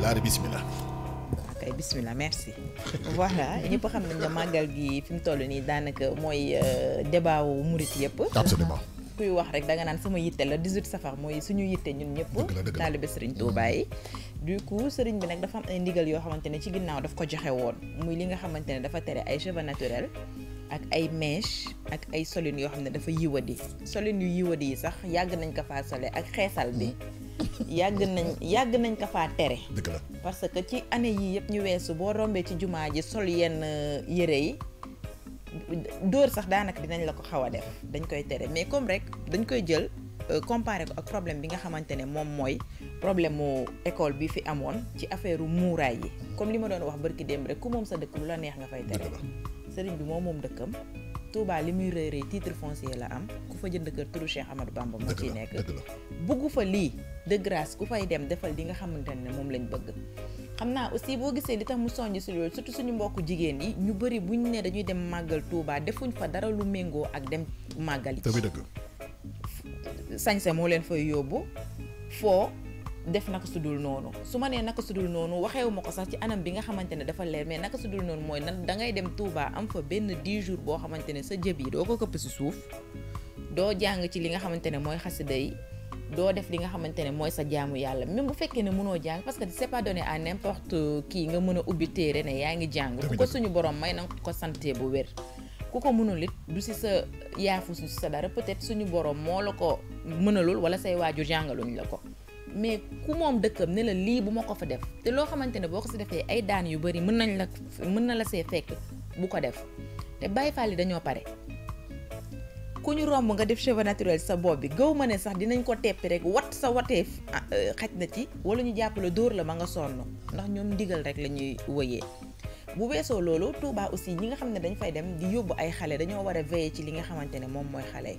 laata bisimilah. ok bisimilah merci voilà ñëpp xam nañ ne màggal gi fi mu toll nii daanaka mooy euh, débat wu murit yëpp. absolument kuy wax rek da naan sama yitte la 18 safar mooy suñu yitte ñun ñëpp. taalibe Sëriñ Tuubaa yi du coup sëriñ bi nag dafa am ay ndigal yoo xamante ne ci ginnaaw daf ko joxe woon muy li nga xamante ne dafa tere ay cheveux naturel ak ay mèche ak ay solin yoo xam ne dafa yiwadi solin yu yiwadi yi sax yàgg nañ ko faa sole ak xeesal bi. Mm. yàgg nañ yàgg nañ ko faa tere. parce que ci année yii yëpp ñu weesu boo rombee ci jumaa ji sol yenn uh, yére yi dóor sax daanaka dinañ la ko xaw a def dañ koy tere mais comme rek dañ koy jël uh, comparé ko ak problème bi nga xamante ne moom mooy problème mu école bi fi amoon ci affaire muuraay yi comme li ma doon wax barki démb rek ku moom sa dëkk lu la neex nga fay tere. sëriñ bi moom moom dëkkam. Touba li muy rëy rëy titre foncier la am ku fa jënd kër turu Cheikh Amadou Bamba moo ciy nekk bugg fa lii de ku fay dem defal di nga xamante ne moom lañ bëgg xam naa aussi boo gisee li tax mu sonj si loolu surtout suñu mbokku jigéen yi ñu bëri buñ ne dañuy dem màggal tuubaa defuñ fa dara lu méngoo ak dem màggal yi sañse moo leen fay yóbbu foo def naka sudul noonu su ma nee naka sudul noonu waxeewu ko sax ci anam bi nga xamante ne dafa leer mais naka sudul noonu mooy nan da ngay dem Touba am fa benn 10 jours boo xamante ne sa jëb yi doo ko këpp si suuf doo jàng ci li nga xamante ne mooy xasida yi doo def li nga xamante ne mooy sa jaamu yàlla même bu fekkee ne mënoo jàng parce que c'est pas donné à n'importe kii nga mën a ubbi téere ne yaa ngi jàng ku ko suñu borom may na ko sante bu wér ku ko mënul it du si sa yaafu si sa dara être suñu borom moo la ko mënalul wala say waajur jàngaluñ la ko mais ku moom dëkkam ne la lii bu ma ko fa def te loo xamante ne boo ko si defee ay daan yu bëri mën nañ la mën na la see fekk bu ko def te Baay Faal yi dañoo pare ku ñu romb nga def cheveux naturel sa bopp bi gaw ma ne sax dinañ ko teppi rek wat sa watee ah, euh, xaj na ci wala ñu jàppale dóor la ma nga sonn ndax ñoom ndigal rek la ñuy wëyee bu weesoo loolu Touba aussi ñi nga xam ne dañ fay dem di yóbbu ay xale dañoo war a veiller ci li nga xamante ne moom mooy xale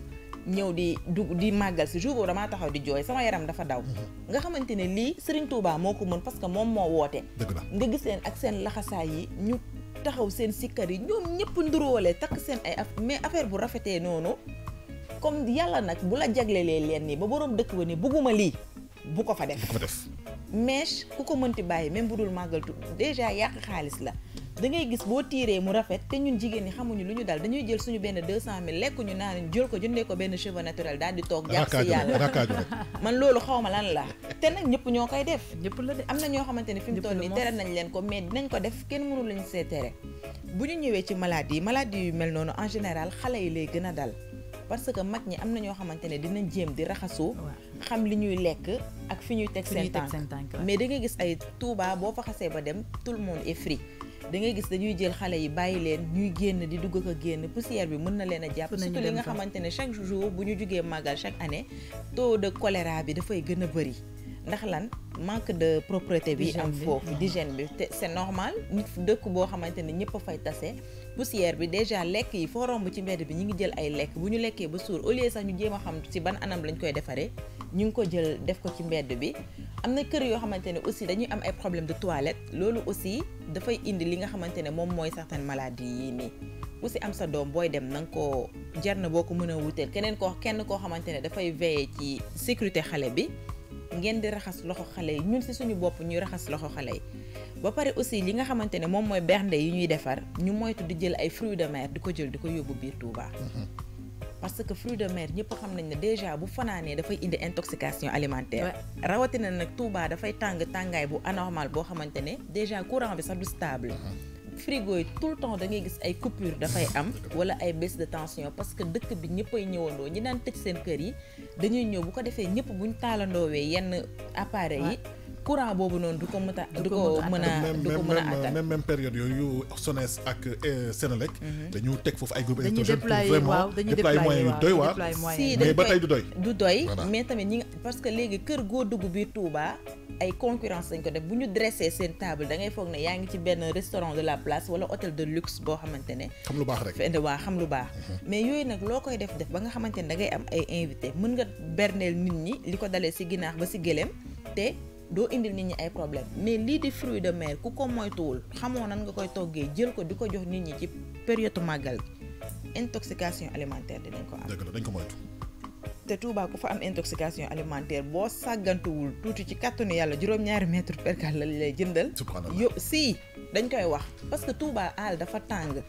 ñëw di dugg di màggal si jour boobu damaa taxaw di jooy sama yaram dafa daw mhm. nga xamante ne lii Serigne Touba moo ko mën parce que moom moo woote nga gis leen ak seen laxasaay yi ñu taxaw seen sikkar yi ñoom ñëpp nduroole takk seen ay af mais affaire bu rafetee noonu comme yàlla nag bu la lee leen nii ba borom dëkk ba ne bugguma lii bu ko fa def mèche ku ko mënti bàyyi même bu dul màggal tu déjà yàq xaalis la da ngay gis boo tiiree mu rafet te ñun jigéen ñi xamuñu lu ñu dal dañuy jël suñu benn 200 200000 lekk ñu naan jël ko jëndee ko benn cheveux naturel daal di toog jàpp si yàlla man loolu xaw ma lan la te nag ñëpp ñoo koy def ñëpp la de am na ñoo xamante ne fi mu toll nii tere nañ leen ko mais dinañ ko def kenn mënu lañ see tere bu ñu ñëwee ci maladie yi maladie yu mel noonu en général xale yi lay gën a dal parce que mag ñi am na ñoo xamante ne dinañ jéem di raxasu xam li ñuy lekk ak fi ñuy teg seen tànk mais da nga gis ay Touba boo fa xasee ba dem tout le monde est free da ngay gis dañuy jël xale yi bàyyi leen ñuy génn di dugg ko génn poussière bi mën na leen a jàpp surtout li nga xamante ne chaque jour bu ñu jugee màggal chaque année taux de choléra bi dafay gën a bëri ndax lan manque de propreté bi am foofu d'hygiène bi te c'est normal nit dëkk boo xamante ne ñëpp a fay tase poussière bi déjà lekk yi foo romb ci mbedd bi ñu ngi jël ay lekk bu ñu lekkee ba suur au lieu sax ñu jéem a xam ci ban anam lañ koy defaree ñu ngi ko jël def ko ci mbedd bi am na kër yoo xamante ne aussi dañuy am ay problème de toilette loolu aussi dafay indi li nga xamante ne moom mooy certaines maladies yi nii ku si am sa doom booy dem na nga koo jar na boo ko mën a wuteel keneen koo kenn koo xamante ne dafay veiller ci sécurité xale bi ngeen di raxas loxo xale yi ñun si suñu bopp ñuy raxas loxo xale yi ba pare aussi li nga xamante ne moom mooy bernde yi ñuy defar ñu moytu di jël ay fruits de mer di ko jël di ko yóbbu biir Touba. Mm-hmm. parce que fruits de mer ñëpp xam nañ ne déjà bu fanaanee dafay indi intoxication alimentaire. rawatina nag Touba dafay tàng tàngaay bu anormal boo xamante ne déjà courant bi sax du stable. Uh-huh. frigo yi tout le temps da ngay gis ay coupure dafay am wala ay baisse de tension parce que dëkk bi ñëppay ñëwandoo ñi daan tëj seen kër yi dañuy ñëw bu ko defee ñëpp buñ taalandoowee yenn appareil yi. courant boobu noonu du ko mën a. du ko mën a du ko mën a attan même même période yooyu SONES ak eh, Sénélec. Mhm. dañu teg foofu ay groupes électrogènes pour vraiment déployer moyens yu doy waar. si mais ba tey du doy. mais tamit ñi parce que léegi kër goo dugg biir Touba ay concurrence dañ ko def bu ñu dressé seen table da ngay foog ne yaa ngi ci benn restaurant de la place wala hôtel de luxe boo xamante ne. xam lu baax rek xam lu baax. Mhm. mais yooyu nag loo koy def def ba nga xamante ne da am ay invité mën nga berneel nit ñi li ko dalee si ginaax ba si gëlem te. doo indil nit ñi ay problème mais lii di fruit de mer ku ko moytuwul xamoo nan nga koy toggee jël ko di ko jox nit ñi ci période màggal intoxication alimentaire dinañ ko am dëgg la dañ ko moytu te tuuba ku fa am intoxication alimentaire boo sàggantuwul tuuti ci kàttanu yàlla juróom-ñaari mètre per gal la lay jëndal yo si dañ koy wax parce que tuuba aal dafa tàng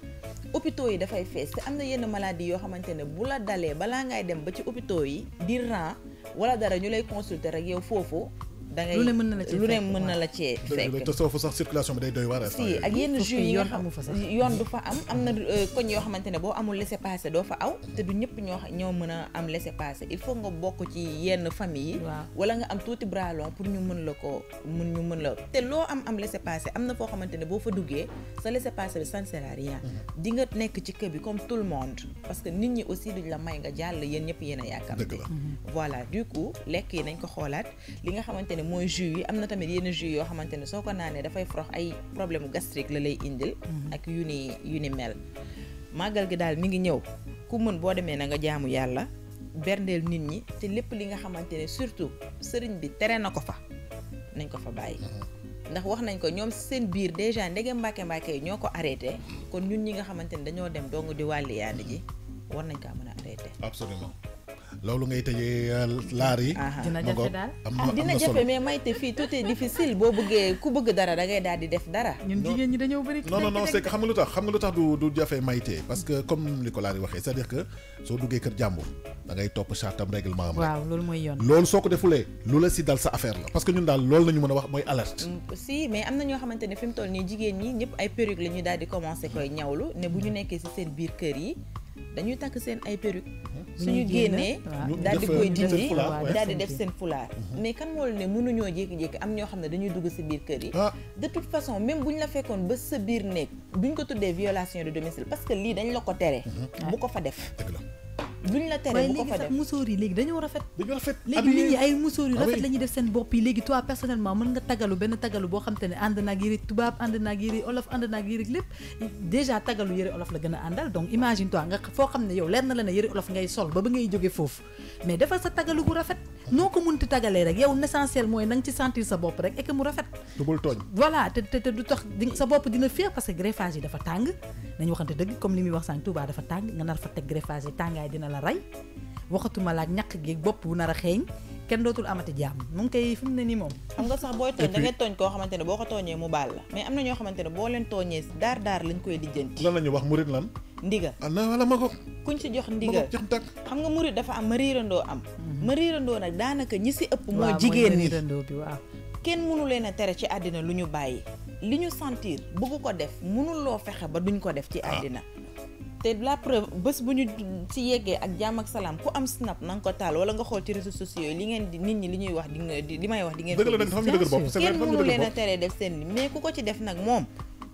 hôpitaux yi dafay fees te am na yenn maladie yoo xamante ne bu la dalee balaa ngay dem ba ci hôpitaux yi di rang wala dara ñu lay consulter rek yow foofu lune mën na la ci lu ne mën fekk te soo fa sax circulation bi day doy waar si ak yenn jus yi nga xam yoon du fa am am na euh, koñ yoo xamante ne boo amul laisser passer doo fa aw te du ñëpp ñoo ñoo mën a am laisser passer il faut nga bokk ci yenn famille yi wala nga am tuuti bras long pour ñu mën la ko mën ñu mën la te loo am am laisser passer am na foo xamante ne boo fa duggee sa laisser passer bi ça sert à rien mhm. di nga nekk ci kër bi comme tout le monde parce que nit ñi aussi duñ la may nga jàll yéen ñëpp yéen a yaakaar mhm. voilà du coup lekk yi nañ ko xoolaat li nga xamante ne ne mooy jus yi am na tamit yenn jus yoo xamante ne soo ko naanee dafay forox ay problème gastrique la lay indil mhm. ak yu ni yu ni mel màggal gi daal mi ngi ñëw ku mën boo demee na nga jaamu yàlla berndeel nit ñi te lépp li nga xamante ne surtout sëriñ bi tere na ko fa nañ ko fa bàyyi mhm. ndax wax nañ ko ñoom seen biir déjà ndege mbàkke mbàkke yi ñoo ko arrêté mhm. kon ñun ñi nga xamante ne dañoo dem dong di yaa yaandi ji war nañ ko mën a arrêté loolu ngay tëjee euh, laar yi. dina jafe daal ah, dina jafe mais mayte fii tout est difficile boo bëggee ku bëgg dara da ngay daal di def dara. ñun jigéen ñi dañoo bëri. non non non c'est que xam nga lu tax xam nga lu tax du du jafe mayte parce que comme li ko laar yi waxee c'est-à-dire que soo duggee kër jàmbur da ngay topp chartam règlement am. waaw loolu mooy yoon. loolu soo ko defulee lu la si dal sa affaire la parce que ñun daal loolu la ñu mën a wax mooy alerte. Mm, si mais am na ñoo xamante ne fi mu toll nii jigéen ñi ñëpp ay perruque la ñu daal di commencer koy ñawlu ne bu ñu nekkee si seen biir kër yi dañuy takk seen ay perruque mhm suñu génnee daal di koy euh, dindi daal di def seen foulard. Mhm. mais kan moo la ne mënuñoo jékki-jékki am ñoo xam ne dañuy dugg si biir kër yi ah. de toute façon même buñ la fekkoon ba sa biir néeg buñ ko tuddee violation de domicile parce que lii dañ la ko tere mhm. bu ko fa def luñ la léegi sax musóor léegi dañoo rafet. léegi nit ñi ay musóor rafet la def seen bopp yi léegi toi personnellement mën nga tagalu benn tagalu boo xam te ne ànd naag yëre tubaab ànd naag yëre olof ànd naag yëre lépp déjà tagalu yëre olof la gën a àndal donc imagine toi nga foo xam ne yow leer na la ne yëre olof ngay sol ba ba ngay jóge foofu mais defal sa tagalu bu rafet noo ko munti tagalee rek yow l'essentiel mooy na nga ci sentir sa bopp rek et que mu rafet. tubul tooñ voilà te te du tax sa bopp dina féex parce que greffage yi dafa tàng. nañu waxante dëgg comme li muy wax sànq Touba dafa tàng nga nar fa teg greffage yi tàngaay dina la rey waxatuma laaj ñàkk gi bopp bu nar a xeeñ. kenn dootul amati jàmm mu ngi koy fi mu ne nii moom am nga sax booy tooñ da tooñ koo xamante ne boo ko tooñee mu baal la mais am na ñoo boo leen tooñee daar daar lañ koy lijjanti lan la wax murit ndiga allah wala ma ko ku kuñ si jox ndiga jox tak xam nga murid dafa am ma riirandoo am mhm. ma riirandoo nag daanaka ñi si ëpp mooy jigéen ñi waaw kenn mënu leen a tere ci àddina lu ñu bàyyi li ñu sentir bëgg ko def mënuloo fexe ba duñ ko def ci ah. àddina te la preuve bés bu ñu na nga ko taal nga xool ci réseaux sociaux yi li ngeen di li ñuy wax di li may wax di ngeen. dëgg la dëgg xam a teree def seen mais ku ko ci def nag moom.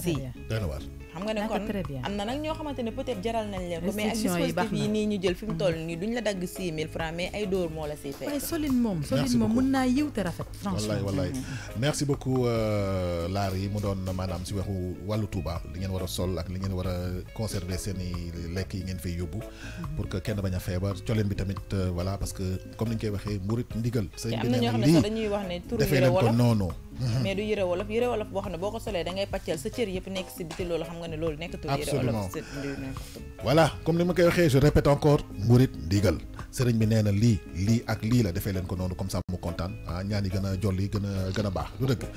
si dana waar xam nga ne kon am na nag ñoo xamante ne peut-être jaral nañ leen ko mais ak dispositif yi nii ñu jël fi mu toll ni duñ la dagg six mille francs mais ay dóor moo la siy fekk waaye solin moom solin moom mën naa yiw te rafet franchement wallaay wallaay mhm. merci beaucoup euh, laar yi mu doon maanaam si waxu wàllu Touba li ngeen war a sol ak li ngeen war a conserver seen i lekk yi ngeen fay yóbbu mhm. pour que kenn bañ a feebar coleen bi tamit euh, voilà parce que comme ni koy waxee murit ndigal sëñ bi nee na lii defee leen ko noonu mais du yëre wolof yëre wolof boo xam ne boo ko solee da ngay pàcceel sa cër yëpp nekk si biti loolu xam nga ne loolu nekkatul yëre wolof absolument voilà comme li ma koy waxee je répète encore mbirit ndigal sëriñ bi nee na lii lii ak lii la defee leen ko noonu comme ça mu kontaan ah ñaan yi gën a jolli gën a gën a baax lu dëgg.